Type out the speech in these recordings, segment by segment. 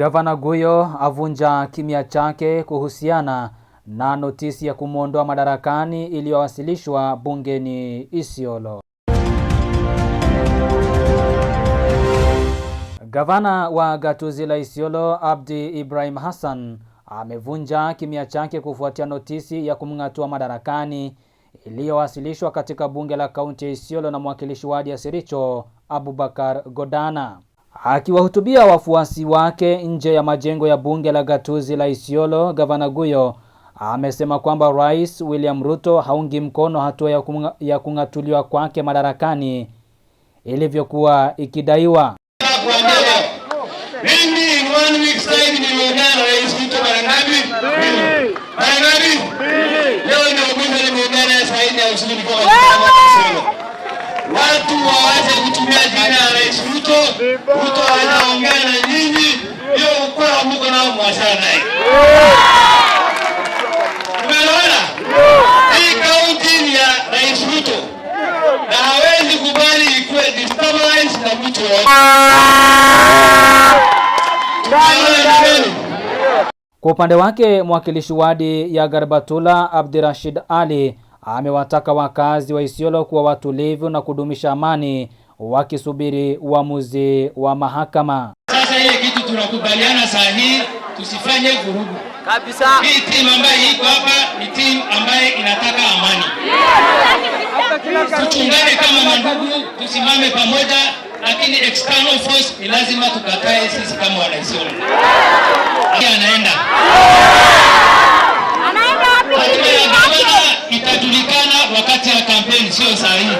Gavana Guyo avunja kimya chake kuhusiana na notisi ya kumwondoa madarakani iliyowasilishwa bungeni Isiolo. Gavana wa gatuzi la Isiolo Abdi Ibrahim Hassan amevunja kimya chake kufuatia notisi ya kumng'atua madarakani iliyowasilishwa katika bunge la kaunti ya Isiolo na mwakilishi wadi ya Siricho Abubakar Godana. Akiwahutubia wafuasi wake nje ya majengo ya bunge la gatuzi la Isiolo, gavana Guyo amesema kwamba Rais William Ruto haungi mkono hatua ya, ya kung'atuliwa kwake madarakani ilivyokuwa ikidaiwa. Watu waanze kutumia jina la Rais Ruto. Kwa upande wake mwakilishi wadi ya Garbatula Abdirashid Ali amewataka wakazi wa Isiolo kuwa watulivu na kudumisha amani wakisubiri uamuzi wa mahakama. Sasa ile kitu tunakubaliana saa hii, tusifanye vurugu kabisa. Hii timu ambayo iko hapa ni timu ambayo inataka amani, tuchungane kama mandugu, tusimame pamoja lakini external force ni lazima tukatae sisi kama Wanaisolo. Anaenda itajulikana wakati ya kampeni, sio saa hii.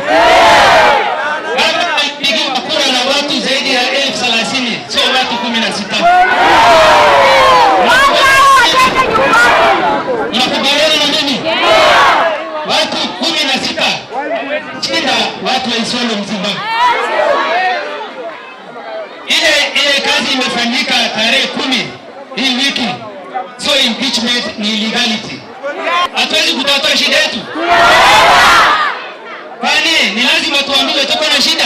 Gavana kura na watu zaidi ya elfu thelathini sio watu kumi na sita. Nakubaliana na mimi, watu kumi na sita shinda watu wa Isolo mzima ile kazi imefanyika tarehe kumi hii wiki, so impeachment ni illegality. Hatuwezi kutatua shida yetu, kwani ni lazima tuambiwe tuko na shida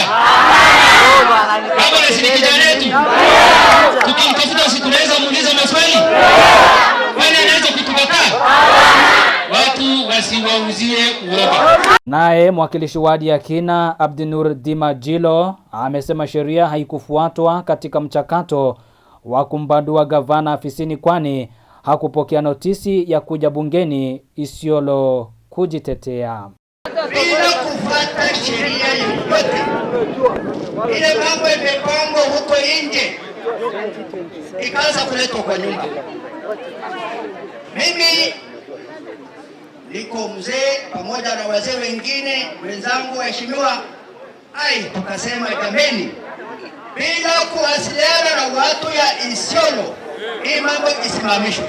hapa na sisi kijana Naye mwakilishi wadi ya Kina Abdinur Dimajilo amesema sheria haikufuatwa katika mchakato wa kumbandua gavana afisini kwani hakupokea notisi ya kuja bungeni Isiolo kujitetea. Bila kufuata sheria yoyote, ile mambo imepangwa huko nje ikaanza kuletwa kwa nyumba mimi niko mzee pamoja na wazee wengine wenzangu waheshimiwa. Ai, tukasema jameni, bila kuwasiliana na watu ya Isiolo hii mambo isimamishwe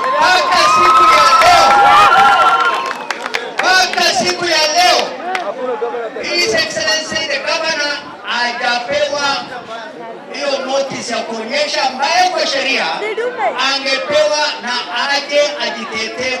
mpaka siku ya leo, mpaka siku ya leo His Excellency the Governor hajapewa hiyo notice ya kuonyesha ambayo kwa sheria angepewa na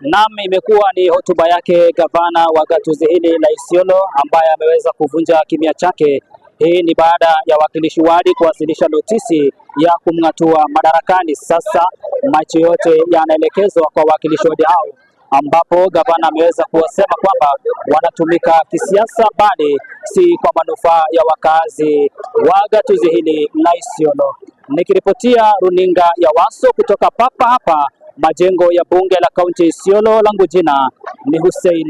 Naam, imekuwa ni hotuba yake gavana wa gatuzi hili la Isiolo ambaye ameweza kuvunja kimya chake. Hii ni baada ya wakilishi wadi kuwasilisha notisi ya kumng'atua madarakani. Sasa macho yote yanaelekezwa kwa wakilishi wadi hao, ambapo gavana ameweza kuwasema kwamba wanatumika kisiasa, bali si kwa manufaa ya wakazi wa gatuzi hili la Isiolo. Nikiripotia runinga ya Waso kutoka papa hapa majengo ya bunge la kaunti Isiolo. Langu jina ni Hussein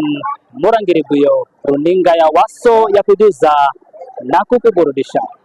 Murangiribuyo, runinga ya Waso ya kujuza na kukuburudisha.